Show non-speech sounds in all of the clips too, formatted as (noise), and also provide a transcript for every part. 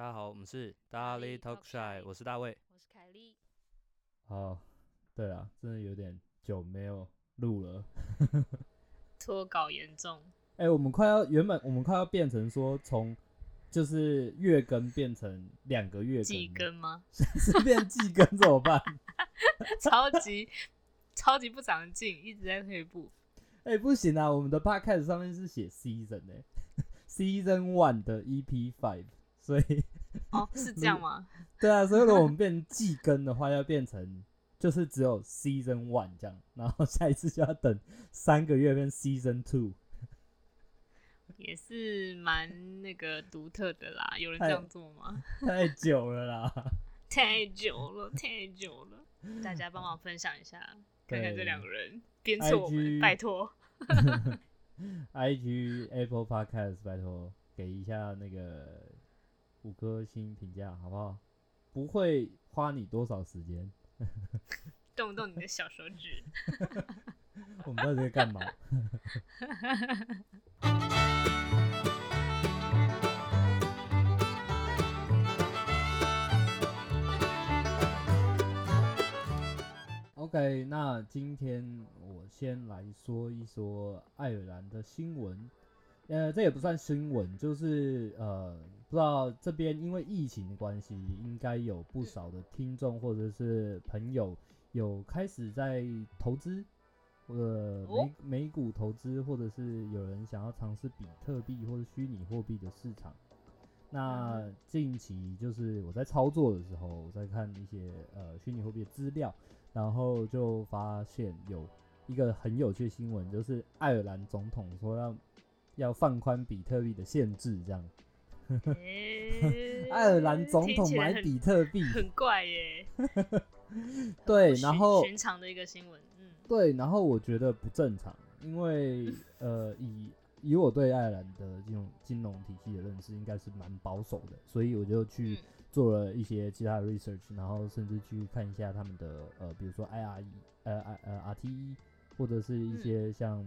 大家好，我們是大力 Talk Shy，我是大衛，我是凱莉。好，對啊，真的有點久沒有錄了，拖 (laughs) 稿嚴重。哎、欸，我們快要原本我們快要變成說從就是月更變成兩個月更，季更嗎？是 (laughs) 變季更怎麼辦？ (laughs) (laughs) 超級超級不長進，一直在退步。哎、欸，不行啊，我們的 podcast 上面是寫 season 的、欸、 (laughs) season one 的 EP five，所以。哦，是這樣嗎？對啊，所以如果我們變成季更的話， (laughs) 要變成就是只有 season one 這樣，然後下一次就要等三個月，變 season two，也是蠻那個獨特的啦。有人這樣做嗎？太,太久了啦，太久了，太久了。大家幫忙分享一下，好看看這兩個人鞭對策我們，IG, 拜托。 (laughs) IG Apple Podcast，拜托給一下那個。五顆星評價好不好？不會花你多少時間， (laughs) 動動你的小手指。 (laughs) (laughs) 我們到底在幹嘛？ (laughs) (music) OK，那今天我先來說一說愛爾蘭的新聞。呃，這也不算新聞，就是呃，不知道這邊因為疫情的關係，應該有不少的聽眾或者是朋友有開始在投資，呃，美美股投資，或者是有人想要嘗試比特幣或者虛擬貨幣的市場。那近期就是我在操作的時候，我在看一些呃虛擬貨幣的資料，然後就發現有一個很有趣的新聞，就是愛爾蘭總統說要。要放寬比特幣的限制，這樣、欸。愛爾蘭總統買比特幣，很怪耶。 (laughs) 尋 (laughs) 對，然後尋常的一個新聞。嗯、對，然後我覺得不正常，因為呃，以以我對愛爾蘭的這種金融體系的認識，應該是蠻保守的，所以我就去做了一些其他的 research，、嗯、然後甚至去看一下他們的呃，比如說 IRE，呃，呃，呃，RTE，或者是一些像、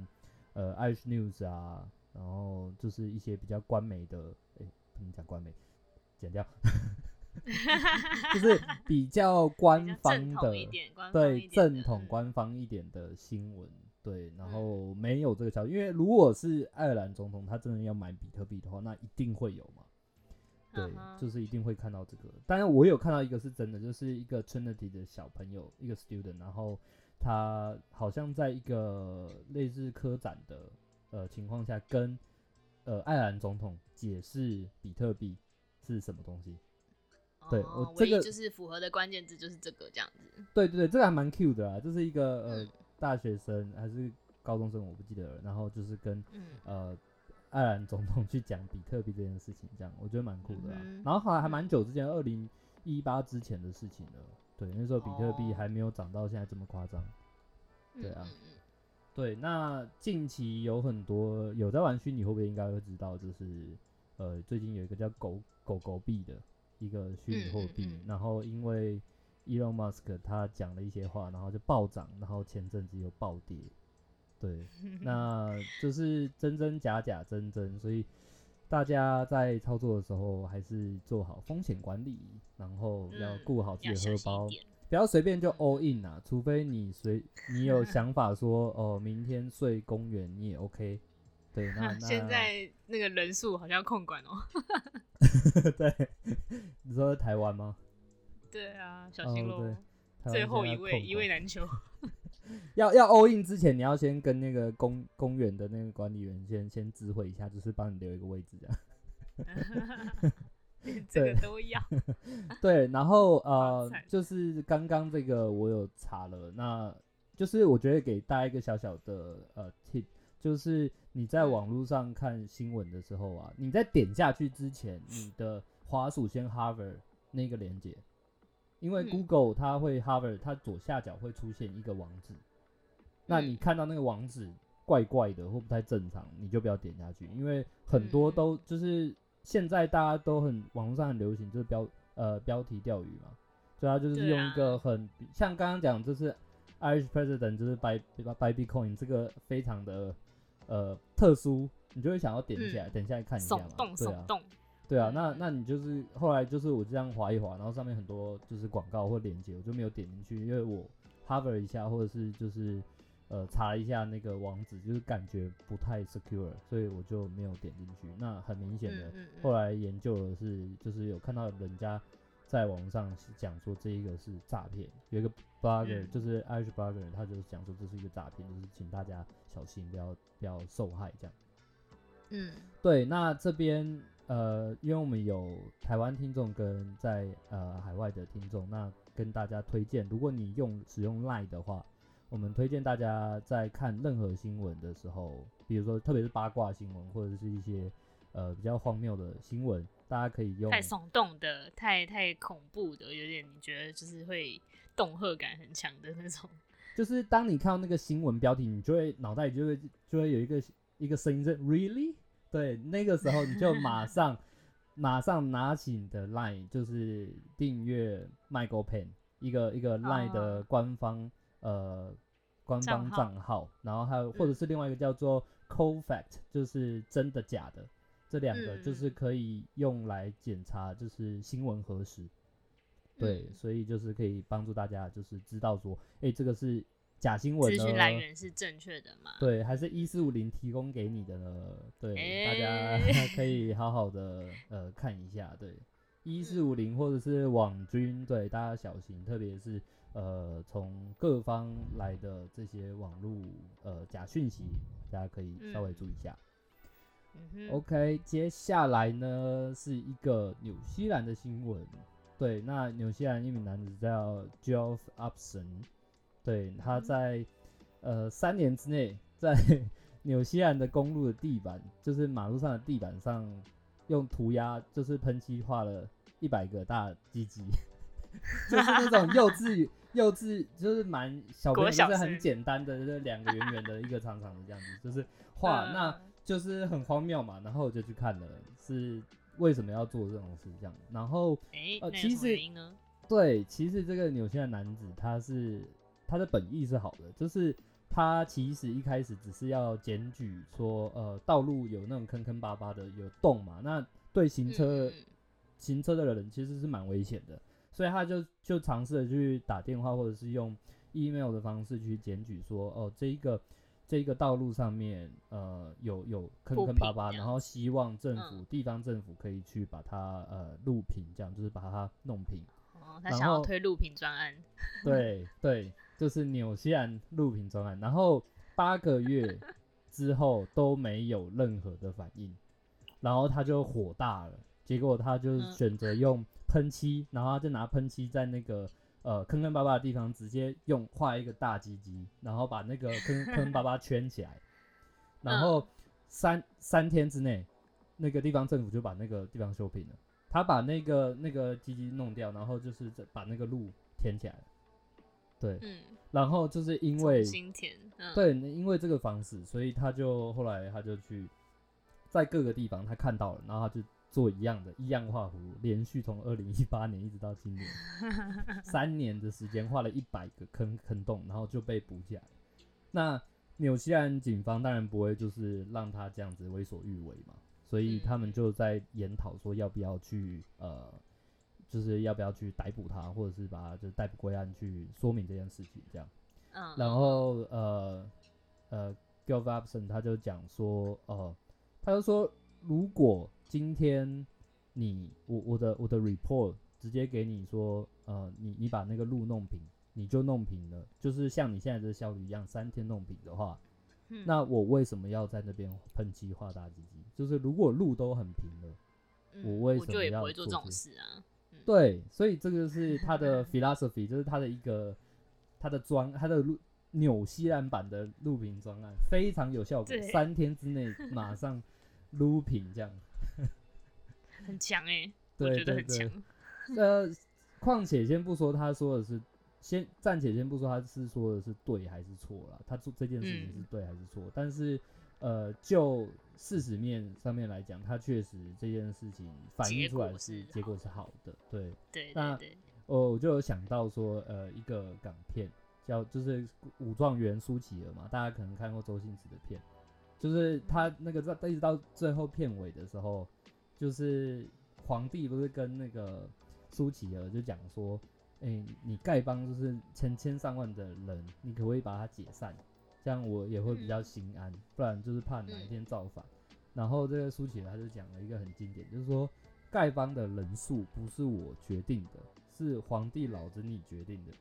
嗯、呃 Irish News 啊。然後就是一些比較官媒的，哎，不能講官媒，剪掉， (laughs) 就是比較官方的， (laughs) 對，正統官方一點的，一點的新聞，對，然後沒有這個消息，因為如果是愛爾蘭總統他真的要買比特幣的話，那一定會有嘛，對，uh huh. 就是一定會看到這個。當然我有看到一個是真的，就是一個 Trinity 的小朋友，一個 student，然後他好像在一個類似科展的。呃情況下跟，呃愛爾蘭總統解釋比特幣是什麼東西，哦、對我這個就是符合的關鍵字，就是這個這樣子，對對對，這個還蠻 Q 的啦，就是一個呃、嗯、大學生還是高中生我不記得了，然後就是跟、嗯、呃愛爾蘭總統去講比特幣這件事情，這樣我覺得蠻酷的啦，嗯、哼然後好像還蠻久之前，二零一八之前的事情了，對，那時候比特幣還沒有漲到現在這麼誇張，哦、對啊。嗯對，那近期有很多有在玩虛擬貨幣，應該會知道，就是呃，最近有一個叫狗狗狗幣的一個虛擬貨幣，嗯嗯、然後因為 Elon Musk 他講了一些話，然後就暴漲，然後前陣子又暴跌。對，那就是真真假假，真真，所以大家在操作的時候還是做好風險管理，然後要顧好自己的荷包。嗯不要隨便就 all in 啊，除非你隨你有想法說，哦、呃，明天睡公園你也 OK，對，那那、啊、現在那個人數好像要控管哦、喔。 (laughs) (laughs) 對，你說是台灣嗎？對啊，小心囉，哦、對最後一位，一位難求。 (laughs) (laughs) 要要 all in 之前，你要先跟那個公公園的那個管理員先先知會一下，就是幫你留一個位置啊。 (laughs) (laughs) 這個都要對，然後、啊、呃，哇塞，就是剛剛這個我有查了，那就是我覺得給大家一個小小的呃 tip，就是你在網絡上看新聞的時候啊，你在點下去之前，你的滑鼠，先 hover 那個鏈接，因為 Google 它會 hover，它左下角會出現一個網址，嗯、那你看到那個網址怪怪的或不太正常，你就不要點下去，因為很多都就是。嗯現在大家都很，網絡上很流行，就是標呃標題釣魚嘛，主要就是用一個很、啊、像剛剛講，就是 Irish president 就是 buy buy Bitcoin 這個非常的呃特殊，你就會想要點起來，點一下、嗯、等一下來看一下嘛。聳動，聳動對、啊。對啊，那那你就是後來就是我這樣劃一劃，然後上面很多就是廣告或鏈接，我就沒有點進去，因為我 hover 一下或者是就是。呃，查一下那個網址，就是感覺不太 secure，所以我就沒有點進去。那很明顯的，嗯嗯嗯、後來研究的是，就是有看到人家在網上是講說這一個是詐騙，有一個 blogger，、嗯、就是 Irish blogger，人他就講說這是一個詐騙，就是請大家小心，不要不要受害，這樣。嗯，對。那這邊呃，因為我們有台灣聽眾跟在呃海外的聽眾，那跟大家推薦，如果你用使用 Line 的話。我們推薦大家在看任何新聞的時候，比如說，特別是八卦新聞或者是一些呃比較荒謬的新聞，大家可以用太聳動的、太太恐怖的，有點你覺得就是會動嚇感很強的那種。就是當你看到那個新聞標題，你就會腦袋就會就會有一個一個聲音在 really。對，那個時候你就馬上 (laughs) 馬上拿起你的 line，就是訂閱 Michael Penn 一個一個 line 的官方。Oh. 呃，官方賬號，號，然後還有或者是另外一個叫做 CoFact、嗯、就是真的假的，這兩個就是可以用來檢查，就是新聞核實。嗯、對，所以就是可以幫助大家，就是知道說，哎、欸，這個是假新聞呢，來源是正確的嗎？對，還是一四五零提供給你的呢？對，欸、大家可以好好的呃看一下，對，一四五零或者是網軍，對，大家小心，特別是。呃，從各方來的這些網絡呃假訊息，大家可以稍微注意一下。嗯嗯、OK，接下來呢是一個紐西蘭的新聞。對，那紐西蘭一名男子叫 Geoff Upson，對，他在、嗯、呃三年之內，在紐 (laughs) 西蘭的公路的地板，就是馬路上的地板上，用塗鴉就是噴漆畫了一百個大雞雞， (laughs) 就是那種幼稚幼稚就是蠻小朋友小是很簡單的，就是兩個圓圓的，一個長長的這樣子，就是畫，呃、那就是很荒謬嘛。然後我就去看了，是為什麼要做這種事這樣，然後誒，其實、欸呃、對，其實這個紐西蘭男子他是他的本意是好的，就是他其實一開始只是要檢舉說，呃，道路有那種坑坑巴巴的有洞嘛，那對行車是行車的人其實是蠻危險的。所以他就就嘗試了去打電話，或者是用 email 的方式去檢舉說，哦，這一個這一個道路上面，呃，有有坑坑巴巴，然後希望政府、嗯、地方政府可以去把它呃路平，這樣就是把它弄平。哦，他想要推路平專案。後 (laughs) 對對，就是紐西蘭路平專案。然後八個月之後都沒有任何的反應，然後他就火大了，嗯、結果他就選擇用。噴漆，然後他就拿噴漆在那個呃坑坑巴巴的地方，直接用畫一個大雞雞，然後把那個坑，坑坑巴巴圈起來， (laughs) 然後三 (laughs) 三天之內，那個地方政府就把那個地方修平了。他把那個那個雞雞弄掉，然後就是把那個路填起來。對，嗯、然後就是因為、嗯、對，因為這個方式，所以他就後來他就去在各個地方他看到了，然後他就。做一樣的，一樣畫葫蘆，連續從二零一八年一直到今年 (laughs) 三年的時間，畫了一百個坑坑洞，然後就被捕起來。那紐西蘭警方當然不會就是讓他這樣子為所欲為嘛，所以他們就在研討說要不要去，嗯、呃，就是要不要去逮捕他，或者是把他就逮捕歸案去說明這件事情這樣。嗯、然後呃呃，Gill Watson 他就講說，呃，他就說如果。今天你我我的我的 report 直接給你說，呃，你你把那個路弄平，你就弄平了。就是像你現在這效率一樣，三天弄平的話，嗯、那我為什麼要在那邊噴漆畫大雞雞？就是如果路都很平了，嗯、我為什麼要做、這個、做啊？嗯、對，所以這個是他的 philosophy，就是他的 (laughs) 的一個他的裝他的路紐西蘭版的路平專案非常有效果，對三天之內馬上路平這樣。很強哎，欸，對，對，對，我覺得很強。呃，況且先不說他說的是，先暫且先不說他是說的是對還是錯了，他做這件事情是對還是錯。嗯、但是呃，就事實面上面來講，他確實這件事情反映出來是結果是好的。好的對，對，對對，那哦、呃，我就有想到說，呃，一個港片叫就是《武狀元蘇乞兒》嘛，大家可能看過周星馳的片，就是他那個在一直到最後片尾的時候。就是皇帝不是跟那個蘇乞兒就講說，哎、欸，你丐幫就是成千上萬的人，你可不可以把它解散？這樣我也會比較心安，不然就是怕哪一天造反。然後這個蘇乞兒他就講了一個很經典，就是說丐幫的人數不是我決定的，是皇帝老子你決定的。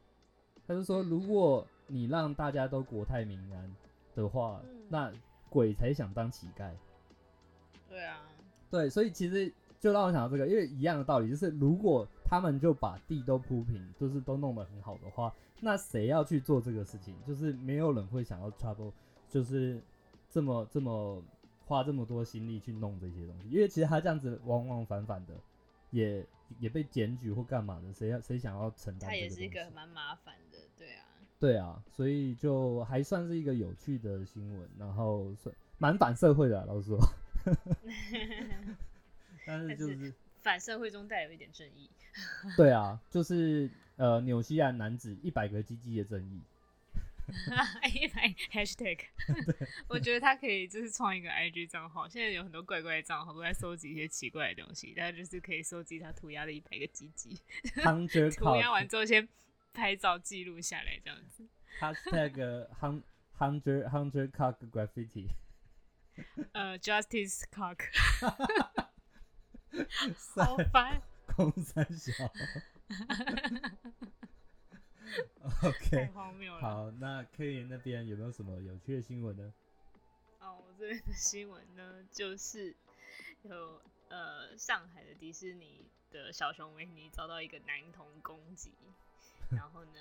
他就說，如果你讓大家都國泰民安的話，那鬼才想當乞丐。對啊。對，所以其實就讓我想到這個，因為一樣的道理就是，如果他們就把地都鋪平，就是都弄得很好的話，那誰要去做這個事情？就是沒有人會想要 trouble，就是這麼這麼花這麼多心力去弄這些東西，因為其實他這樣子往往反反的，也也被檢舉或幹嘛的，誰要誰想要承擔這個？他也是一個蠻麻煩的，對啊，對啊，所以就還算是一個有趣的新聞，然後蠻反社會的啊，老實說。 (laughs) 但是就是反社會中帶有一點正義。 (laughs) 對啊，就是呃，紐西蘭男子一百個 G G 的正義。Hashtag 我覺得他可以就是創一個 IG 賬號。現在有很多怪怪的賬號都在收集一些奇怪的東西，他就是可以收集他塗鴉的一百個 G G。 (laughs) 塗鴉完之後先拍照記錄下來，這樣子。Hashtag (laughs) hundred hundred cock graffiti 呃、uh，Justice Cock，好煩，空三小，OK，太荒謬了。好，那 K 連那邊有沒有什麼有趣的新聞呢？哦，我這邊的新聞呢，就是有呃，上海的迪士尼的小熊維尼遭到一個男童攻擊，然後呢。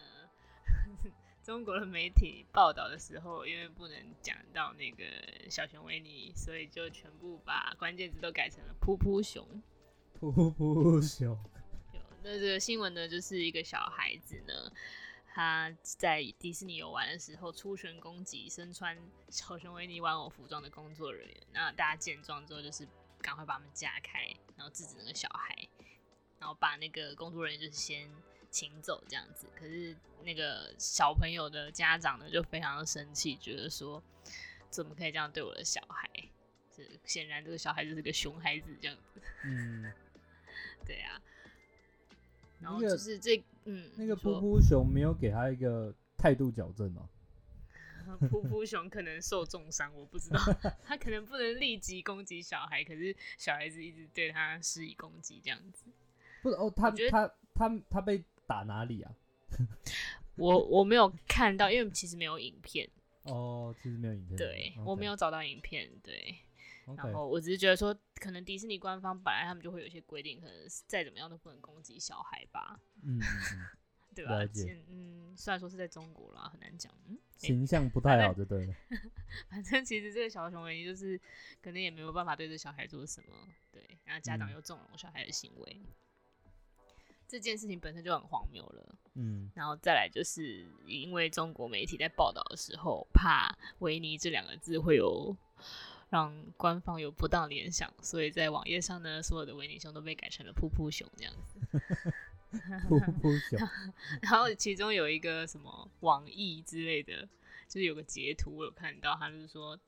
(laughs) (laughs) 中國的媒體報道的時候，因為不能講到那個小熊維尼，所以就全部把關鍵字都改成了“噗噗熊”。噗噗熊。噗噗熊。那這個新聞呢，就是一個小孩子呢，他在迪士尼遊玩的時候出拳攻擊身穿小熊維尼玩偶服裝的工作人員。那大家見狀之後，就是趕快把他們架開，然後制止那個小孩，然後把那個工作人員就是先。請走這樣子，可是那個小朋友的家長呢，就非常的生氣，覺得說怎麼可以這樣對我的小孩？這顯然這個小孩子是個熊孩子這樣子。嗯， (laughs) 對啊。然後就是這、那個、嗯，那個噗噗熊沒有給他一個態度矯正嗎？噗噗熊可能受重傷， (laughs) 我不知道，他可能不能立即攻擊小孩，可是小孩子一直對他施以攻擊這樣子。不哦，他覺得他他他，他被打哪裡啊？ (laughs) 我我沒有看到，因為其實沒有影片哦，oh, 其實沒有影片，對 Okay. 我沒有找到影片，對。Okay. 然後我只是覺得說，可能迪士尼官方本來他們就會有一些規定，可能再怎麼樣都不能攻擊小孩吧，嗯， (laughs) 對吧了解？嗯，雖然說是在中國啦，很難講，嗯、形象不太好就對了。對、欸？反正其實這個小熊原因就是，可能也沒有辦法對着小孩做什麼，對，然後家長又縱容小孩的行為。嗯這件事情本身就很荒謬了，嗯，然後再來就是因為中國媒體在報道的時候，怕“維尼”這兩個字會有讓官方有不當聯想，所以在網頁上呢，所有的維尼熊都被改成了噗噗熊這樣子。 (laughs) 噗噗熊， (laughs) 然後其中有一個什麼網易之類的，就是有個截圖我有看到，他就是說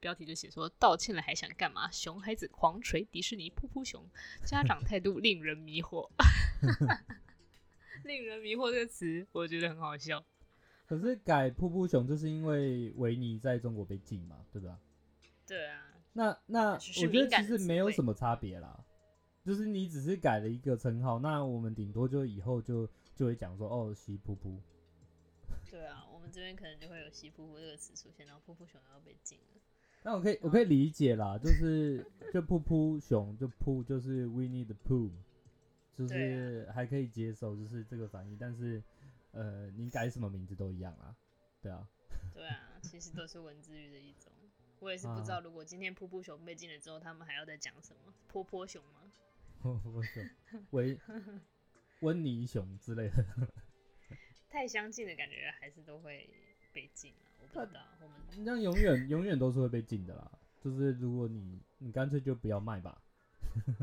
標題就寫說，道歉了還想幹嘛？熊孩子狂錘迪士尼噗噗熊，家長態度令人迷惑。 (laughs) (laughs) (laughs) 令人迷惑這個詞，我覺得很好笑。可是改「噗噗熊」就是因為維尼在中國被禁嘛，對不對？對啊。那那其實 我覺得其實沒有什麼差別啦，是就是你只是改了一個稱號，那我們頂多就以後就就會講說哦，西噗噗。對啊，我們這邊可能就會有「西噗噗」這個詞出現，然後「噗噗熊」要被禁了。那我可以後我可以理解啦，就是就「噗噗熊」就「噗」就是維尼的「噗」。就是還可以接受，就是這個反應，啊、但是，呃，你改什麼名字都一樣啦。對啊，對啊，其實都是文字獄的一種。 (laughs) 我也是不知道，如果今天噗噗熊被禁了之後，啊、他們還要再講什麼？潑潑熊嗎？噗噗熊、圍溫 (laughs) 尼熊之類的，太相近的感覺還是都會被禁啊。我不知道，啊、我們那永遠 (laughs) 永遠都是會被禁的啦。就是如果你你乾脆就不要賣吧。 (laughs)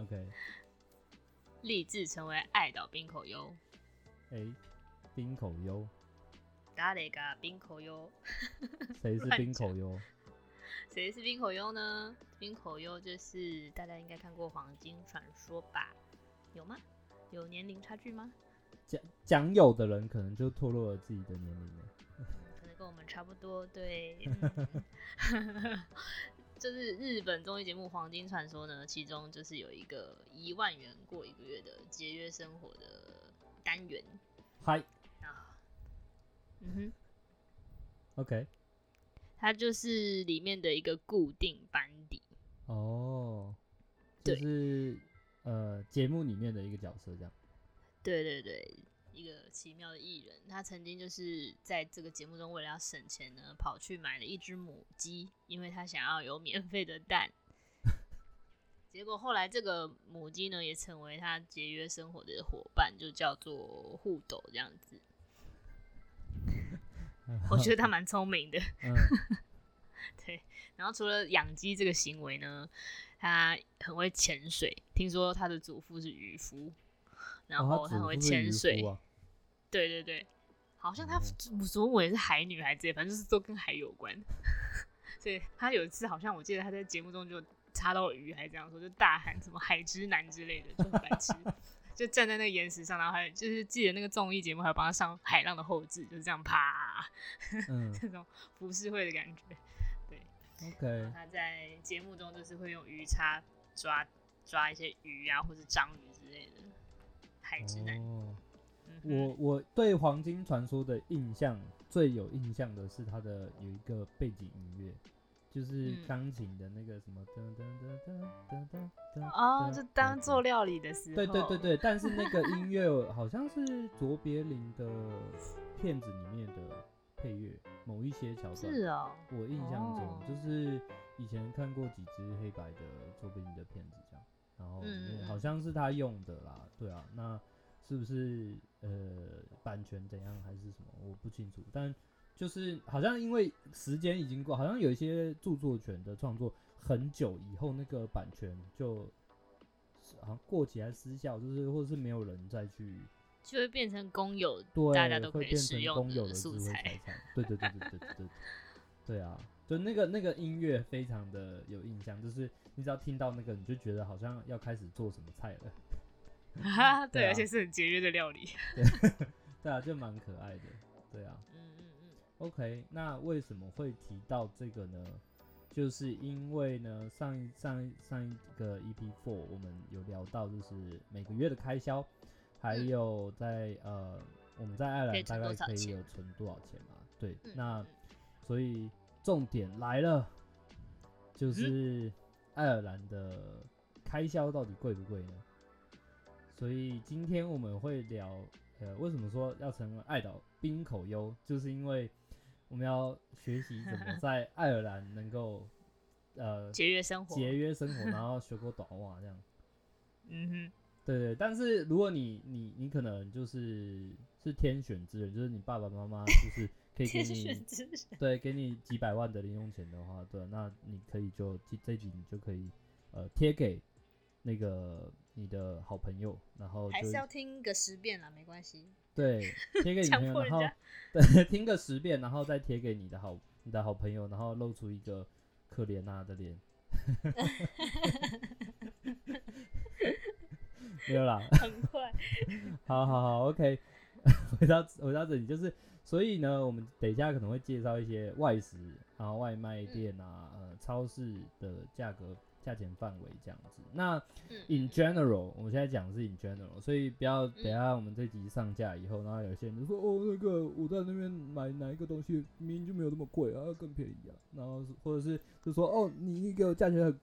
OK，立志成為愛島濱口優。誒、欸，濱口優。大家來濱口優。誰 (laughs) 講是濱口優？誰是濱口優呢？濱口優就是大家應該看過《黃金傳說》吧？有嗎？有年齡差距嗎？講講有的人可能就脫落了自己的年齡了。可能跟我們差不多，對。 (laughs) 嗯 (laughs) 就是日本綜藝節目《黃金傳說》呢，其中就是有一個一萬元過一個月的節約生活的單元。嗨 Hi. 啊，嗯哼，OK，它就是裡面的一個固定班底。哦，oh, 就是對呃，節目裡面的一個角色，這樣。對對對。一個奇妙的藝人，他曾經就是在這個節目中為了要省錢呢，跑去買了一只母雞，因為他想要有免費的蛋。 (laughs) 結果後來這個母雞呢，也成為他節約生活的夥伴，就叫做護斗這樣子。 (laughs) 我覺得他蠻聰明的。 (laughs) 對，然後除了養雞這個行為呢，他很會潛水。聽說他的祖父是漁夫，然後他很會潛水。哦對對對，好像他祖母也是海女孩子也，反正就是都跟海有關。 (laughs) 所以他有一次，好像我記得他在節目中就插到魚，還這樣說，就大喊什麼“海之男”之類的，就很白痴。 (laughs) 就站在那個岩石上，然後還就是記得那個綜藝節目，還有幫他上海浪的後製，就是這樣啪， (laughs) 嗯、 (laughs) 這種浮世繪的感覺。對，OK。他在節目中就是會用魚叉抓抓一些魚啊，或是章魚之類的“海之男”嗯。我我對黃金傳說的印象，最有印象的是它的有一個背景音樂，就是鋼琴的那個什麼噔噔噔噔噔噔哦，就當做料理的時候。對對對對，但是那個音樂好像是卓別林的片子裡面的配樂，某一些橋段。是哦，我印象中就是以前看過幾支黑白的卓別林的片子，這樣，然後好像是他用的啦，對啊，那。是不是呃版權怎樣，還是什麼我不清楚，但就是好像因為時間已經過，好像有一些著作權的創作很久以後那個版權就，好像過期還失效，就是或者是沒有人再去，就會變成公有，對，大家都可以使用的素材。會變成公有的智慧財產。對對對對對，對對對對對對，對啊，就那個那個音樂非常的有印象，就是你只要聽到那個你就覺得好像要開始做什麼菜了。哈，對，而且是很節約的料理。對， (laughs) 對啊，就蠻可愛的。對啊。嗯嗯嗯。嗯嗯 OK，那為什麼會提到這個呢？就是因為呢，上一上一上一個 EP Four 我們有聊到，就是每個月的開銷，還有在、嗯、呃，我們在愛爾蘭大概可以有存多少錢嘛？嗯、對，那所以重點來了，就是愛爾蘭的開銷到底貴不貴呢？所以今天我們會聊，呃，為什麼說要成為愛島濱口優，就是因為我們要學習怎麼在愛爾蘭能夠， (laughs) 呃，節約生活，節約生活，然後學過短襪這樣。嗯哼，對，對對，但是如果你你你可能就是是天選之人，就是你爸爸媽媽就是可以給你選之人， (laughs) 對，給你幾百萬的零用錢的話，對，那你可以就這一集你就可以呃貼給。那個你的好朋友，然後就還是要聽個十遍啦，沒關係 (laughs) 。對，聽個十遍，然後聽個十遍，然後再貼給你的好你的好朋友，然後露出一個可憐吶、啊、的臉。 (laughs) (laughs) (laughs) 沒有啦，很快壞。 (laughs) 好，好，好，好，好，OK。回到回到這裡就是，所以呢，我們等一下可能會介紹一些外食啊、然後外賣店啊、嗯、呃、超市的價格。價錢範圍這樣子，那 in general，嗯，我們現在講的是 in general，所以不要等下我們這集上架以後，然後有些人就說哦，那個，我在那邊買哪一個東西，明明就沒有那麼貴啊，更便宜啊，然後或者是就說哦，你你給我價錢很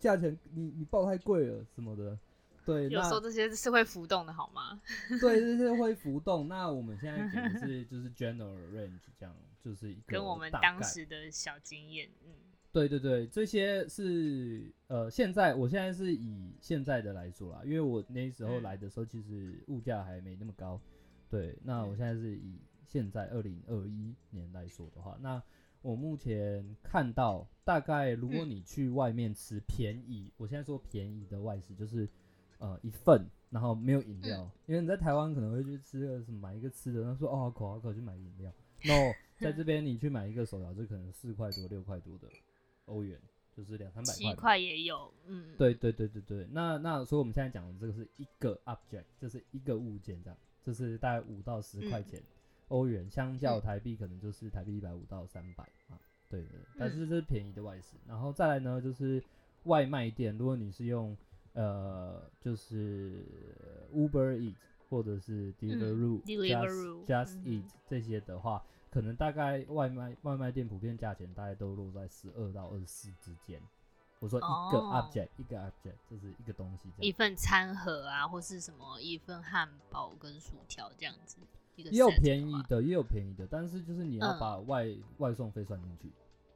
價錢你你報太貴了什麼的，對，有時候這些是會浮動的好嗎？ (laughs) 對，這些會浮動。那我們現在講的是就是 general range 這樣，就是一個跟我們當時的小經驗，嗯。對對對，這些是呃，現在我現在是以現在的來說啦，因為我那時候來的時候其實物價還沒那麼高，對，那我現在是以現在二零二一年來說的話，那我目前看到大概如果你去外面吃便宜，嗯、我現在說便宜的外食就是呃一份，然後沒有飲料，嗯、因為你在台灣可能會去吃個什麼買一個吃的，他說哦好渴好渴，去買飲料，那在這邊你去買一個手搖，就可能四塊多六塊多的。歐元就是兩三百塊，七塊也有，嗯，對對對對對。那那所以我們現在講的這個是一個 object，這是一個物件，這樣，這、就是大概五到十塊錢歐元，嗯、相較台幣可能就是台幣一百五到三百、嗯、啊，對，對，對，但是這是便宜的外食，嗯、然後再來呢就是外賣店，如果你是用呃就是 Uber Eat 或者是 Deliveroo、Just Eat 這些的話。可能大概外賣外賣店普遍價錢大概都落在十二到二十四之間。我說一個 object，oh, 一個 object，就是一個東西。一份餐盒啊，或是什麼一份漢堡跟薯條這樣子一個。也有便宜的，也有便宜的，但是就是你要把外，嗯、外送費算進去。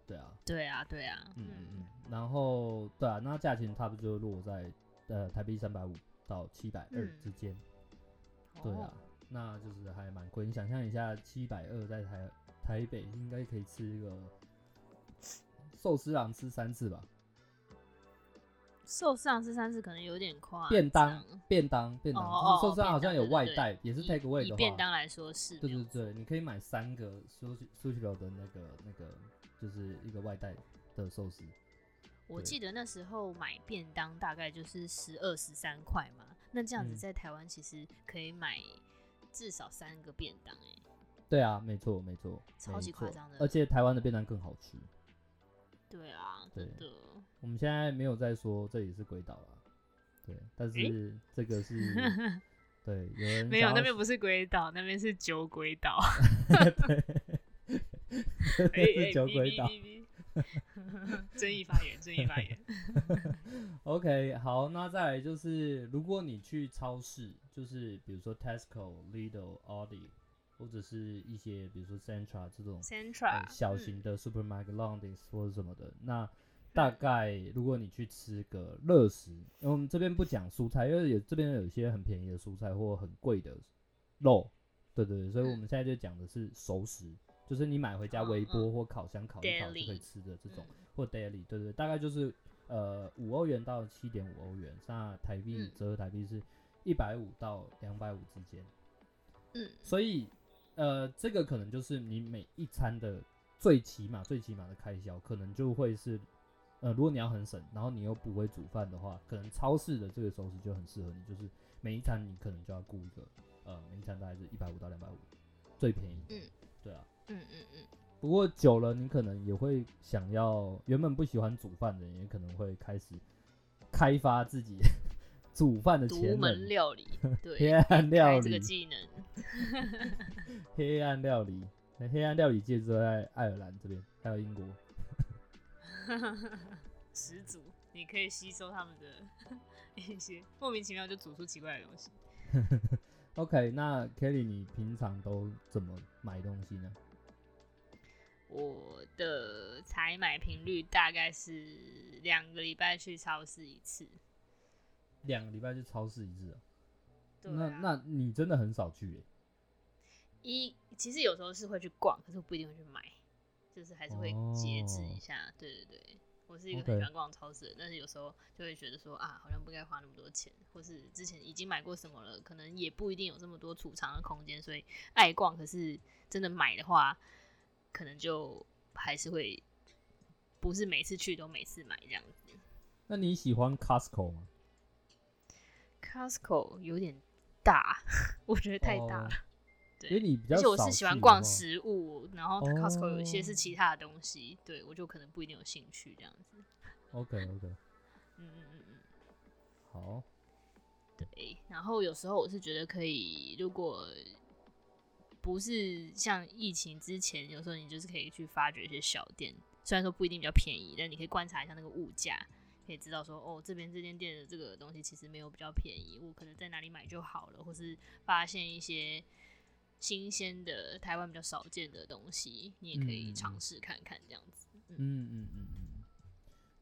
對啊，對啊。對啊，對啊。嗯嗯嗯。然後對啊，那價錢差不多就落在呃台幣三百五到七百二之間。嗯、對啊。Oh. 那就是還蠻貴，你想象一下，七百二在台台北應該可以吃一個壽司郎吃三次吧？壽司郎吃三次可能有點誇張。便當，這樣。便當，便當，便當。壽司郎好像有外帶，也是 take away 的。便當來說是。對對對，你可以買三個壽壽司郎的那個那個，就是一個外帶的壽司。我記得那時候買便當大概就是十二十三塊嘛，那這樣子在台灣其實可以買。至少三個便當哎、欸，對啊，沒錯沒錯，超級誇張的，而且台灣的便當更好吃。對啊，對的。我們現在沒有再說這裡是鬼島了，對，但是這個是，欸、對，有人 (laughs) 沒有那邊不是鬼島，那邊是酒鬼島， (laughs) 對， (laughs) 這是酒鬼島。哈，哈， (laughs) 正義發言，正義發言。 (laughs) OK，好，那再來就是，如果你去超市，就是比如說 Tesco、Lidl、Aldi，或者是一些比如說 Centra 這種 Centra、嗯、小型的 Supermarket、Londis 或者什麼的，嗯、那大概如果你去吃個熱食， (laughs) 因為我們這邊不講蔬菜，因為有這邊有一些很便宜的蔬菜或很貴的肉，對對對，所以我們現在就講的是熟食。嗯就是你買回家微波或烤箱烤一烤就可以吃的這種，嗯、或 daily，對對對，大概就是呃五歐元到七點五歐元，那台幣折合台幣是一百五到兩百五之間，嗯，嗯所以呃這個可能就是你每一餐的最起碼最起碼的開銷，可能就會是，呃如果你要很省，然後你又不會煮飯的話，可能超市的這個熟食就很適合你，就是每一餐你可能就要僱一個，呃每一餐大概是一百五到兩百五，最便宜，嗯，對啊。嗯嗯嗯，嗯嗯不過久了，你可能也會想要原本不喜歡煮飯的人，也可能會開始開發自己 (laughs) 煮飯的潛能。獨門料理， (laughs) 對，黑暗料理這個技能。 (laughs) 黑暗料理，黑暗料理界就在愛爾蘭這邊，還有英國。始 (laughs) 祖， (laughs) 你可以吸收他們的一些莫名其妙就煮出奇怪的東西。 (laughs) OK，那 Kelly，你平常都怎麼買東西呢？我的採買頻率大概是兩個禮拜去超市一次，兩個禮拜去超市一次啊？對啊，那那你真的很少去欸。一其實有時候是會去逛，可是我不一定會去買，就是還是會節制一下。Oh. 對對對，我是一個很喜歡逛超市的，Okay. 但是有時候就會覺得說啊，好像不該花那麼多錢，或是之前已經買過什麼了，可能也不一定有這麼多儲藏的空間，所以愛逛，可是真的買的話。可能就還是會，不是每次去都每次買這樣子。那你喜歡 Costco 嗎？Costco 有點大， (laughs) 我覺得太大了。Oh. 對，你比較有有。而且我是喜歡逛食物，然後 Costco 有些是其他的東西，oh. 對我就可能不一定有興趣這樣子。OK，OK。嗯嗯嗯嗯。好。Oh. 對，然後有時候我是覺得可以，如果。不是像疫情之前，有時候你就是可以去發掘一些小店，雖然說不一定比較便宜，但你可以觀察一下那個物價，可以知道說哦，這邊這間店的這個東西其實沒有比較便宜，我可能在哪裡買就好了，或是發現一些新鮮的台灣比較少見的東西，你也可以嘗試看看這樣子。嗯嗯嗯嗯，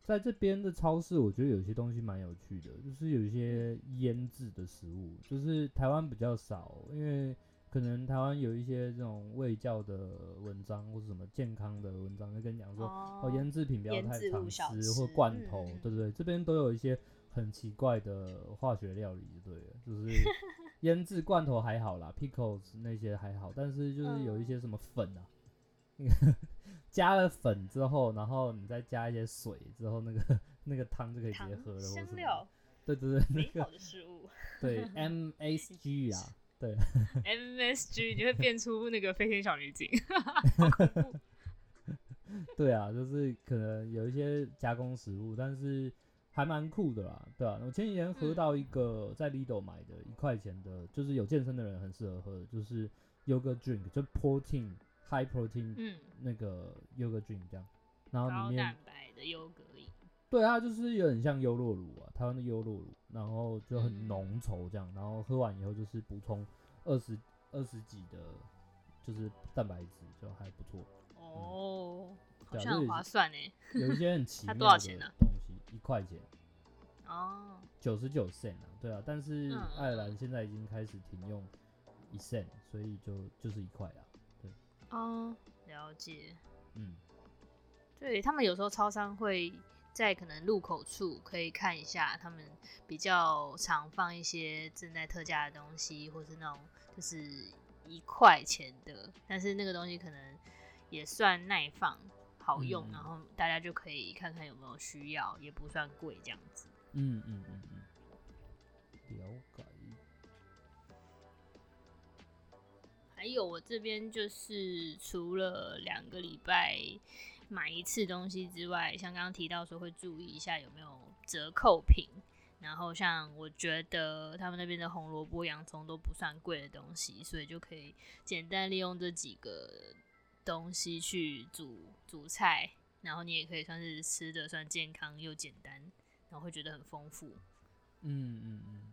在這邊的超市，我覺得有些東西蠻有趣的，就是有一些醃製的食物，就是台灣比較少，因為。可能台灣有一些這種衛教的文章，或者什麼健康的文章，會跟你講說，oh, 哦，醃製品不要太常吃或罐頭，嗯、對對對，這邊都有一些很奇怪的化學料理，對，就是醃製罐頭還好啦 (laughs) ，pickles 那些還好，但是就是有一些什麼粉啊，那個、嗯、 (laughs) 加了粉之後，然後你再加一些水之後、那個，那個那個湯就可以直接喝了或，香料，對對對，那個美好的事物，對 MSG 啊。 (laughs) (laughs) MSG 你會變出那個飛天小女警 (laughs) (laughs) 好恐怖。對啊，就是可能有一些加工食物，但是還蠻酷的啦，對吧？啊？我前幾天喝到一個在 Lidl 買的一塊錢的，嗯、就是有健身的人很適合喝的，就是 yogurt drink 就 protein high protein，嗯，那個 yogurt drink 這樣，然後裡面高蛋白的優格飲。對啊，它就是有點像優酪乳啊，台灣的優酪乳。然後就很濃稠這樣，嗯、然後喝完以後就是補充二十二十幾的，就是蛋白質就還不錯哦，嗯、好像很划算呢，有一些很奇妙的東西，啊、一塊錢哦，九十九 cent 啊，對啊，但是愛爾蘭現在已經開始停用一 cent，所以就就是一塊啊，對哦，了解，嗯，對他們有時候超商會。在可能入口處可以看一下，他們比較常放一些正在特價的東西，或是那種就是一塊錢的，但是那個東西可能也算耐放、好用，然後大家就可以看看有沒有需要，也不算貴，這樣子。嗯嗯嗯嗯，了解。還有，我這邊就是除了兩個禮拜。買一次東西之外，像剛剛提到說會注意一下有沒有折扣品，然後像我覺得他們那邊的紅蘿蔔、洋蔥都不算貴的東西，所以就可以簡單利用這幾個東西去煮煮菜，然後你也可以算是吃的算健康又簡單，然後會覺得很豐富。嗯嗯嗯。嗯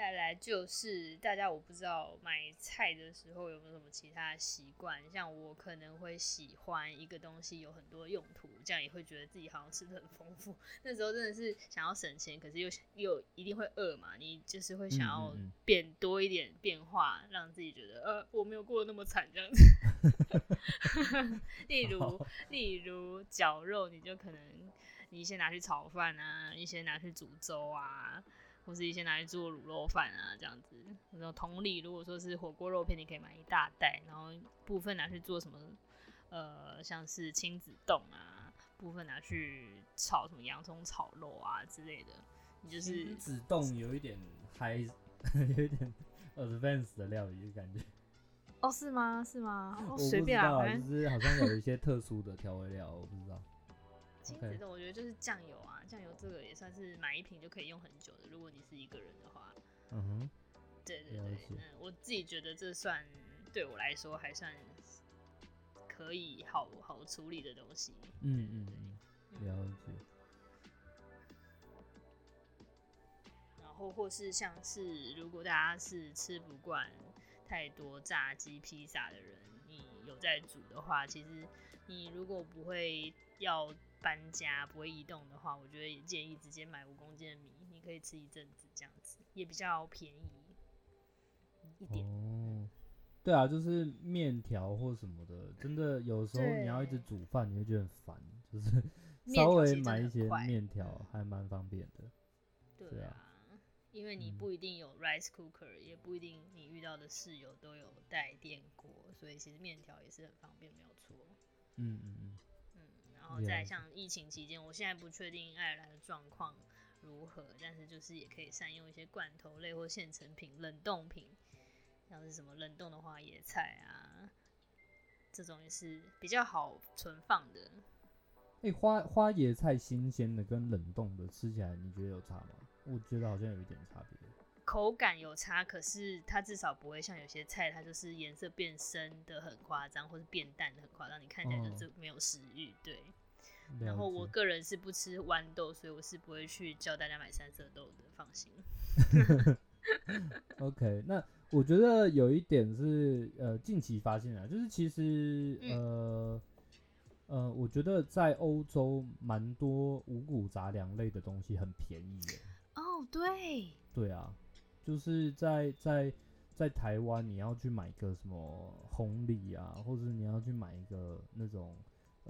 再來就是大家，我不知道買菜的時候有沒有什麼其他習慣？像我可能會喜歡一個東西有很多用途，這樣也會覺得自己好像吃的很豐富。那時候真的是想要省錢，可是又又一定會餓嘛，你就是會想要變多一點變化，嗯嗯嗯，讓自己覺得呃，我沒有過得那麼慘這樣子。 (laughs) 例如好例如絞肉，你就可能你先拿去炒飯啊，一些拿去煮粥啊。或是一些拿去做滷肉飯啊，這樣子。然後同理，如果說是火鍋肉片，你可以買一大袋，然後部分拿去做什麼，呃，像是親子丼啊，部分拿去炒什麼洋蔥炒肉啊之類的。你就是親子丼有一點嗨， (laughs) (laughs) 有一點 advanced 的料理的感覺。哦，oh，是嗎？是嗎？Oh，我隨、啊、便啊，就是好像有一些特殊的調味料， (laughs) 我不知道。Okay. 我覺得就是醬油啊，醬油這個也算是買一瓶就可以用很久的。如果你是一個人的話，嗯哼、uh-huh. 對對對，嗯，了解。那我自己覺得這算對我來說還算可以好好處理的東西。嗯，對對對。嗯，了解。嗯。然後或是像是，如果大家是吃不慣太多炸雞披薩的人，你有在煮的話，其實你如果不會要。搬家不會移動的話，我覺得也建議直接買五公斤的米，你可以吃一陣子這樣子，也比較便宜一點。哦，對啊，就是麵條或什麼的，真的有時候你要一直煮飯，你會覺得很煩，對就是稍微買一些麵條還蠻方便的。的對啊，因為你不一定有 rice cooker，嗯，也不一定你遇到的室友都有帶電鍋，所以其實麵條也是很方便，沒有錯。嗯嗯嗯。然後在像疫情期間，我現在不確定愛爾蘭的狀況如何，但是就是也可以善用一些罐頭類或現成品、冷凍品，像是什麼冷凍的花椰菜啊，這種也是比較好存放的。誒、欸，花花椰菜新鮮的跟冷凍的吃起來，你覺得有差嗎？我覺得好像有一點差別，口感有差，可是它至少不會像有些菜，它就是顏色變深的很誇張，或是變淡的很誇張，你看起來就是沒有食慾。對。了然後我個人是不吃豌豆，所以我是不會去教大家買三色豆的。放心。 (laughs) (laughs) OK，那我覺得有一點是，呃，近期發現啊，就是其實，呃，嗯、呃，我覺得在歐洲蠻多五穀雜糧類的東西很便宜的。哦，oh, 對。對啊，就是在在在台灣你要去買個什麼紅藜啊，或者你要去買一個那種。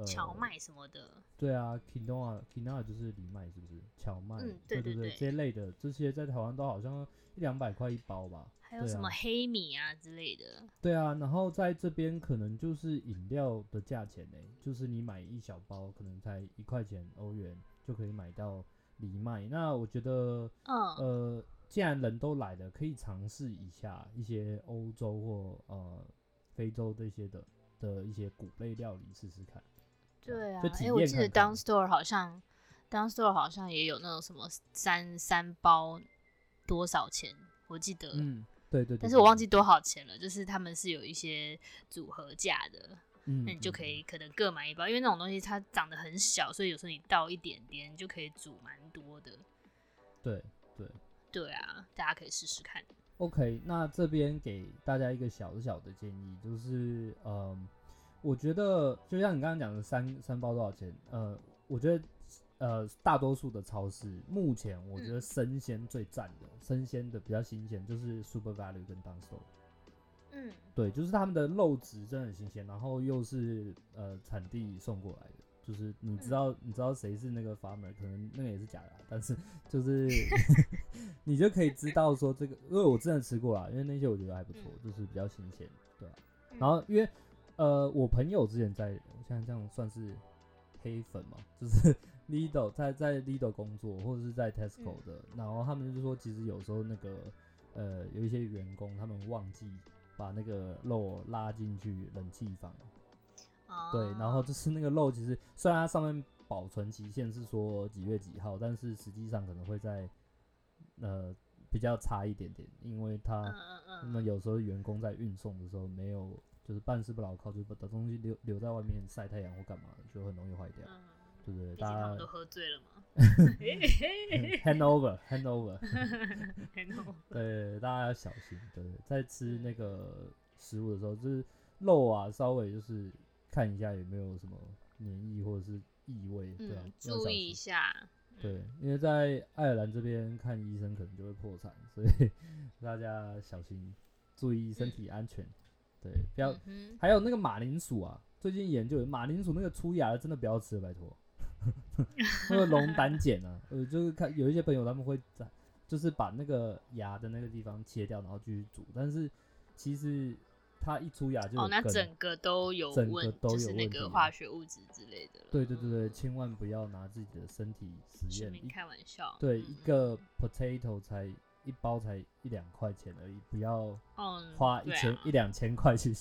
蕎麥、呃、什麼的，對啊 quinoa quinoa 就是藜麥是不是？蕎麥、嗯，對對對，對對對這些類的，這些在台灣都好像一兩百塊一包吧。還有什麼黑米啊，啊之類的。對啊，然後在這邊可能就是飲料的價錢呢，就是你買一小包可能才一塊錢歐元就可以買到藜麥。那我覺得，嗯、呃，既然人都來了，可以嘗試一下一些歐洲或呃非洲這些的的一些穀類料理試試看。對啊，哎、欸，我記得 Down Store 好像 Down Store 好像也有那種什麼三三包，多少錢？我記得了，嗯，對對、對，但是我忘記多少錢了。就是他們是有一些組合價的，嗯、那你就可以可能各買一包，嗯、因為那種東西它長得很小，所以有時候你倒一點點就可以煮蠻多的。對對對啊，大家可以試試看。OK，那這邊給大家一個小小的建議，就是嗯。呃我覺得就像你剛剛講的三三包多少錢？呃，我覺得呃大多數的超市目前我覺得生鮮最讚的，嗯、生鮮的比較新鮮就是 Super Value 跟 Dunnes Stores。嗯，對，就是他們的肉質真的很新鮮，然後又是呃產地送過來的，就是你知道、嗯、你知道誰是那個 farmer，可能那個也是假的、啊，但是就是 (laughs) (laughs) 你就可以知道說這個，因為我真的吃過啦，因為那些我覺得還不錯，就是比較新鮮，對、啊，然後因為。呃，我朋友之前在像這樣算是黑粉嘛，就是 Lidl 在在 Lidl 工作或者是在 Tesco 的。然後他們就說，其實有時候那個呃有一些員工，他們忘記把那個肉拉進去冷氣房，uh huh. 對，然後就是那個肉其實雖然它上面保存期限是說幾月幾號，但是實際上可能會在呃比較差一點點，因為他，那麼有時候員工在運送的時候沒有。就是辦事不牢靠，就是、把東西留留在外面曬太陽或幹嘛，就很容易壞掉，嗯、對不對？大家都喝醉了嗎？ (laughs) (laughs) Hangover, Hangover (laughs) over 對，大家要小心，對，在吃那個食物的時候，就是肉啊，稍微就是看一下有沒有什麼黏液，或者是異味，對吧、啊？嗯、要注意一下。對，因為在愛爾蘭這邊看醫生可能就會破產，所以大家小心，注意身體安全。嗯對，不要，嗯、哼還有那個馬鈴薯啊，最近研究馬鈴薯那個出芽真的不要吃了，拜託。 (laughs) 那個龍膽鹼啊，呃， (laughs) 就是看有一些朋友他們會在，在就是把那個芽的那個地方切掉，然後繼續煮，但是其實它一出芽就哦，那整個都有問，整個都有問題，就是那個化學物質之類的。對對對對，千萬不要拿自己的身體實驗開玩笑。對，嗯、哼一個 potato 才。一包才一兩塊錢而已，不要花一千、嗯啊、一兩千塊去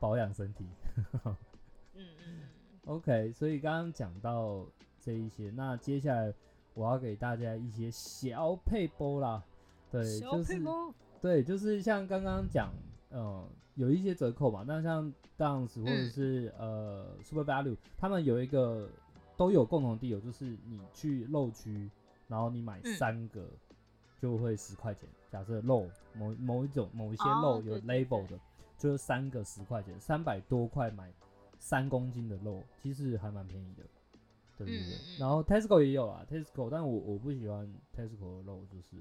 保養身體。哈、 (laughs) 嗯。嗯，OK，所以剛剛講到這一些，那接下來我要給大家一些小撇步啦，對，小撇步就是對，就是像剛剛講，嗯，有一些折扣嘛，那像 Dunnes 或者是、嗯、呃 Super Value，他們有一個都有共同點，有就是你去肉區，然後你買三個。嗯就會十塊錢，假設肉某某一種某一些肉有 label 的，oh, 對對對就是三個十塊錢，三百多塊買三公斤的肉，其實還蠻便宜的，對不對？嗯、然後 Tesco 也有啊，Tesco，但我我不喜歡 Tesco 的肉，就是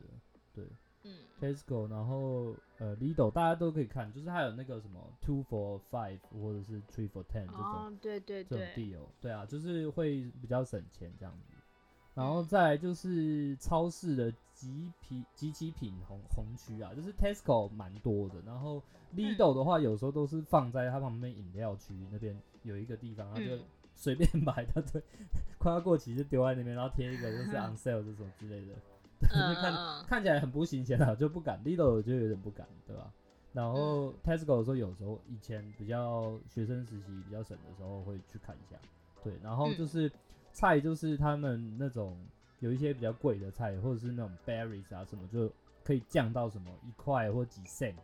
對、嗯，Tesco，然後呃 Lidl 大家都可以看，就是還有那個什麼 two for five 或者是 three for ten 這種，oh, 對對對，這種 deal，對啊，就是會比較省錢這樣子。然後再來就是超市的即期品、即期品紅、紅區啊，就是 Tesco 蠻多的。然後 Lidl 的話，有時候都是放在它旁邊飲料區那邊有一個地方，然後就隨便買它，對，嗯、 (laughs) 快要過期就丟在那邊，然後貼一個就是 on sale 這種之類的，對呃、看看起來很不新鮮啊，就不敢 Lidl 就有點不敢，對吧？然後、嗯、Tesco 說有時候以前比較學生時期比較省的時候會去看一下，對，然後就是。嗯菜就是他們那種有一些比較貴的菜，或者是那種 berries 啊什麼，就可以降到什麼一塊或幾 cent，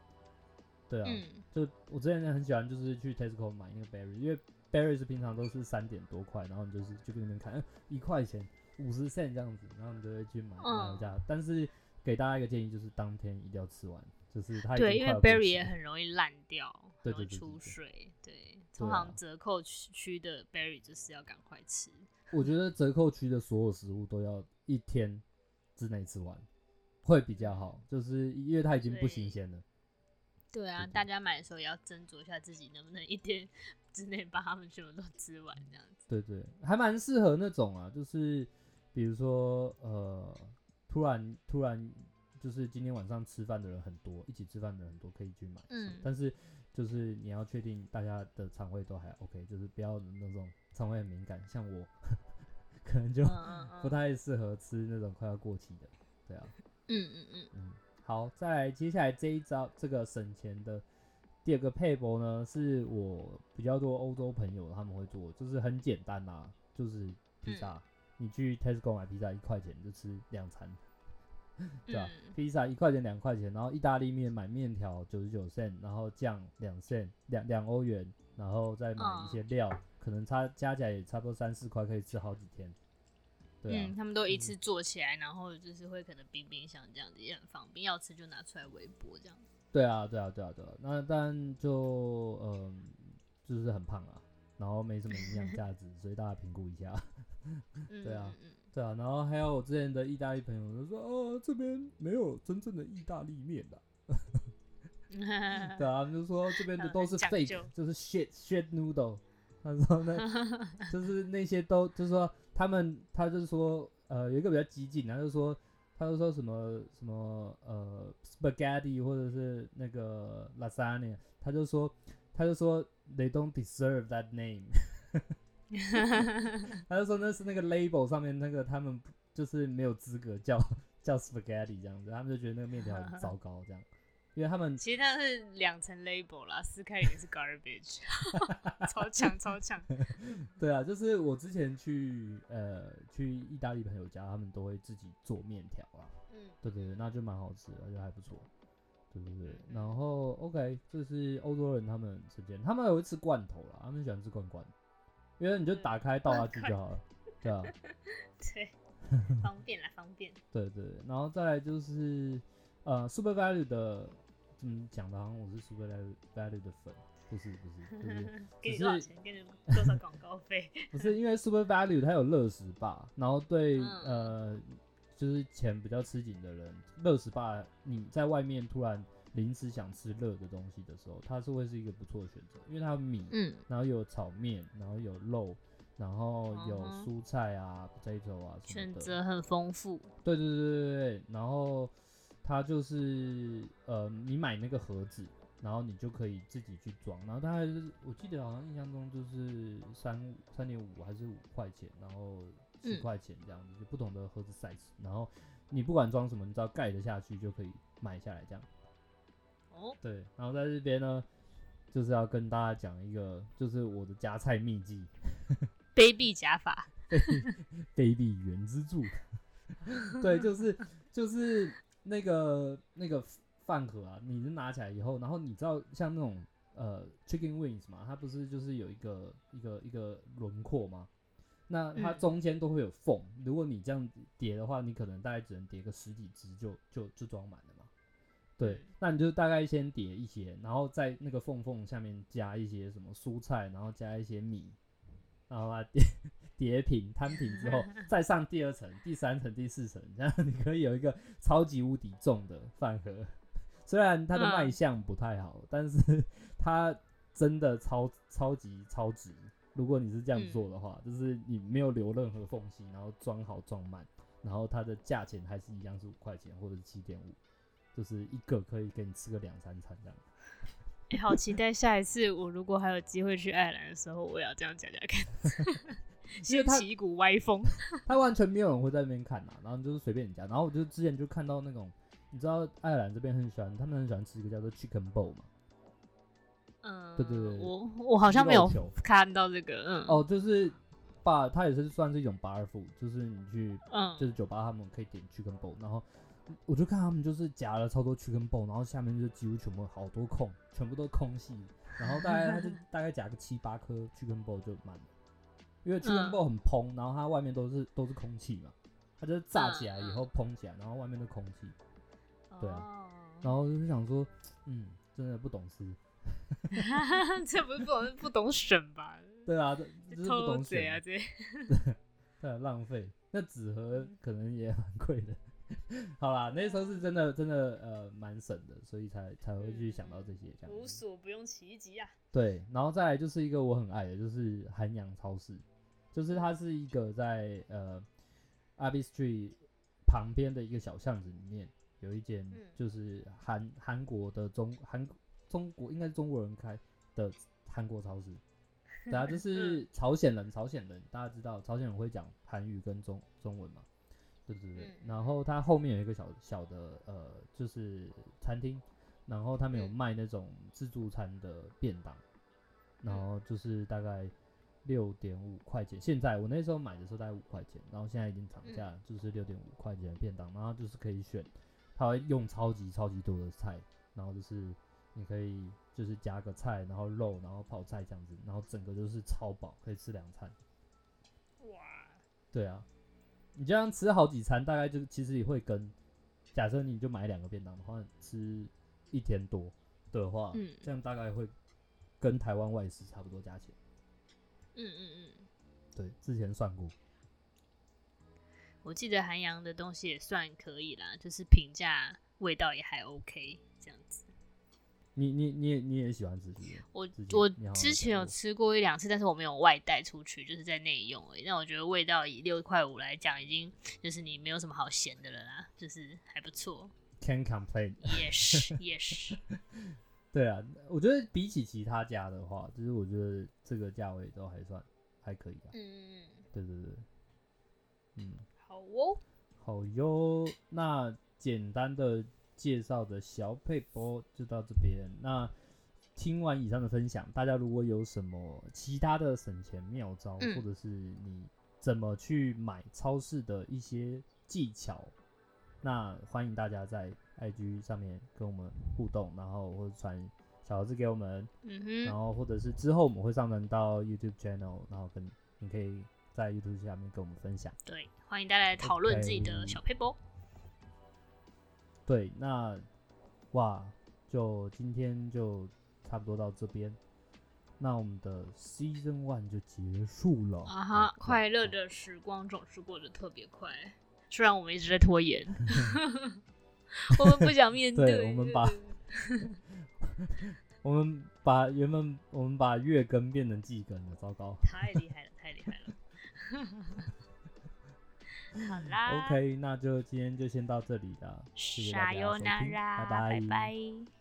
對啊，嗯、就我之前很喜歡就是去 Tesco 買那個 berries，因為 berries 平常都是三點多塊，然後你就是去那邊看、呃、一塊錢五十 cent 這樣子，然後你就會去買買這、哦、但是給大家一個建議，就是當天一定要吃完，就是它一對，因為 berries 也很容易爛掉，很容易出水，對。對通常折扣區的 berry 就是要趕快吃。我覺得折扣區的所有食物都要一天之內吃完，會比較好，就是因為它已經不新鮮了。對啊，大家買的時候也要斟酌一下自己能不能一天之內把它們全部都吃完，這樣子。對對對，還蠻適合那種啊，就是比如說呃，突然突然就是今天晚上吃飯的人很多，一起吃飯的人很多，可以去買。嗯，但是。就是你要確定大家的腸胃都還 OK，就是不要那種腸胃很敏感，像我呵呵可能就不太適合吃那種快要過期的，對啊。嗯嗯嗯嗯。好，再來接下來這一招，這個省錢的第二個撇步呢，是我比較多歐洲朋友他們會做的，就是很簡單啦、啊，就是披薩，你去 Tesco 買披薩一塊錢就吃兩餐。對啊，披薩一塊錢兩塊錢，然後意大利麵買麵條九十九 cent，然後醬兩 cent 兩兩歐元，然後再買一些料，哦、可能差加起來也差不多三四塊，可以吃好幾天。對啊，嗯、他們都一次做起來，嗯、然後就是會可能冰冰箱這樣子也很方便，要吃就拿出來微波這樣子。對啊，對啊，對啊，對啊。那但就嗯、呃，就是很胖啊，然後沒什麼營養價值， (laughs) 所以大家評估一下。嗯、 (laughs) 對啊。對啊，然後還有我之前的意大利朋友就說，哦，這邊沒有真正的意大利面的， (laughs) 對啊， (laughs) 他們就說這邊的都是 fake， (laughs) 就是 shit shit noodle，他說呢，就是那些都就是說他們，他就是說，呃，有一個比較激進，他就說，他就說什麼什麼呃 spaghetti 或者是那個 lasagna，他就說，他就說 they don't deserve that name。 (laughs) (laughs) (laughs) 他就說那是那個 label 上面那個他們就是沒有資格叫叫 spaghetti 這樣子，他們就覺得那個麵條很糟糕這樣，因為他們其實他是兩層 label 啦，撕開也是 garbage， (laughs) 超強超強。 (laughs) 對啊，就是我之前去呃去意大利朋友家，他們都會自己做麵條啊，嗯，對對對，那就蠻好吃而且還不錯，對不對？嗯、然後 OK，這是歐洲人他們之間，他們還會吃罐頭啦，他們喜歡吃罐罐。因為你就打開倒垃圾就好了，很快 對啊，對，方便啦， (laughs) 方便。對，對對，然後再來就是，呃，super value 的，嗯，講的好像我是 super value 的粉，不是不是不是，給、就是， (laughs) 給你多少錢，是給你多少廣告費？ (laughs) 不是，因為 super value 它有樂食霸，然後對，嗯、呃，就是錢比較吃緊的人，樂食霸你在外面突然。臨時想吃熱的東西的時候，它是會是一個不錯的選擇，因為它有米，嗯、然後有炒麵，然後有肉，然後有蔬菜啊這一種啊，選擇很豐富。對對對對對，然後它就是呃，你買那個盒子，然後你就可以自己去裝，然後它還、就是我記得好像印象中就是三三點五還是五塊錢，然後十塊錢這樣子，嗯、就不同的盒子 size，然後你不管裝什麼，你只要蓋得下去就可以買下來這樣。對，然後在這邊呢，就是要跟大家講一個，就是我的夾菜秘技，Baby 夾法，Baby (laughs) 原支之柱， (laughs) 對，就是就是那個那個飯盒啊，你拿起來以後，然後你知道像那種呃 chicken wings 嘛，它不是就是有一個一個一個輪廓嗎？那它中間都會有縫，嗯、如果你這樣疊的話，你可能大概只能疊個十幾只就就就裝滿了嘛。對，那你就大概先疊一些，然後在那個縫縫下面加一些什麼蔬菜，然後加一些米，然後疊疊平攤平之後，再上第二層、第三層、第四層，然後你可以有一個超級無敵重的飯盒。雖然它的賣相不太好，嗯。但是它真的超超級超值。如果你是這樣做的話，嗯。就是你沒有留任何縫隙，然後裝好裝滿，然後它的價錢還是一樣是五塊錢或者是七點五。就是一個可以給你吃個兩三餐這樣、欸。好期待下一次我如果還有機會去愛爾蘭的時候，我也要這樣講講看。掀起一股歪風他， (laughs) 他完全沒有人會在那邊看啊，然後就是隨便你家。然後我就之前就看到那種。你知道愛爾蘭這邊很喜歡，他們很喜歡吃一個叫做 chicken bowl 嘛。嗯，對對對，我我好像沒有看到這個。嗯，哦，就是 bar 它也是算是一種 bar food，就是你去，嗯，就是酒吧他們可以點 chicken bowl，然後。我就看他們就是夾了超多 chicken ball 然後下面就幾乎全部好多空，全部都空氣。然後大概他就大概夾個七八顆 chicken ball 就滿了，因為 chicken ball 很蓬，然後它外面都是都是空氣嘛，它就炸起來以後蓬起來，然後外面的空氣。對啊，然後我就是想說，嗯，真的不懂吃 (laughs) (laughs) 這不是不懂是不懂省吧？對啊，這，不懂省啊，這 (laughs) 對。浪費，那紙盒可能也很貴的。 (laughs) 好啦，那個時候是真的，真的，呃，蠻省的，所以才才會去想到這些，無所不用其極啊。對，然後再來就是一個我很愛的，就是韓洋超市，就是它是一個在呃 Abbey Street 旁邊的一個小巷子裡面有一間，就是韓韓國的中韓中國應該是中國人開的韓國超市，對啊，就是朝鮮人，朝鮮人，大家知道朝鮮人會講韓語跟中中文嗎？嗯，然後它後面有一個小小的呃，就是餐廳，然後他們有賣那種自助餐的便當，然後就是大概六點五塊錢。現在我那時候買的時候大概五塊錢，然後現在已經漲價了，就是六點五塊錢的便當，然後就是可以選，他會用超級超級多的菜，然後就是你可以就是加個菜，然後肉，然後泡菜這樣子，然後整個就是超飽，可以吃兩餐。哇！對啊。你這樣吃好幾餐，大概就其實也會跟，假設你就買兩個便當的話，吃一天多的話，嗯，這樣大概會跟台灣外食差不多價錢。嗯嗯嗯，對，之前算過。我記得韓陽的東西也算可以啦，就是平價，味道也還 OK，這樣子。你你你也你也喜歡吃，吃我之前，我之前有吃過一兩次，但是我沒有外帶出去，就是在內用而已，欸。那我覺得味道以六塊五來講，已經就是你沒有什麼好嫌的了啦，就是還不錯。Can't complain。yes yes 對啊，我覺得比起其他家的話，就是我覺得這個價位都還算還可以嗯嗯。對對對。嗯。好哦。好喲。那簡單的。介紹的小撇步就到這邊。那聽完以上的分享，大家如果有什麼其他的省錢妙招，嗯、或者是你怎麼去買超市的一些技巧，那歡迎大家在 IG 上面跟我們互動，然後或者傳小條子給我們，嗯、哼然後或者是之後我們會上傳到 YouTube channel，然後跟你可以在 YouTube 下面跟我們分享。對，歡迎大家來討論自己的小撇步。嗯對，那哇，就今天就差不多到這邊，那我們的 season one 就結束了。啊哈，快樂的時光總是過得特別快，雖然我們一直在拖延， (laughs) (laughs) 我們不想面對。我們把 (laughs) (laughs) (laughs) 我們把原本我們把月更變成季更了，糟糕， (laughs) 太厲害了，太厲害了。 (laughs) 好啦，OK，那就今天就先到這裡了，謝謝大家的收聽，拜拜。拜拜。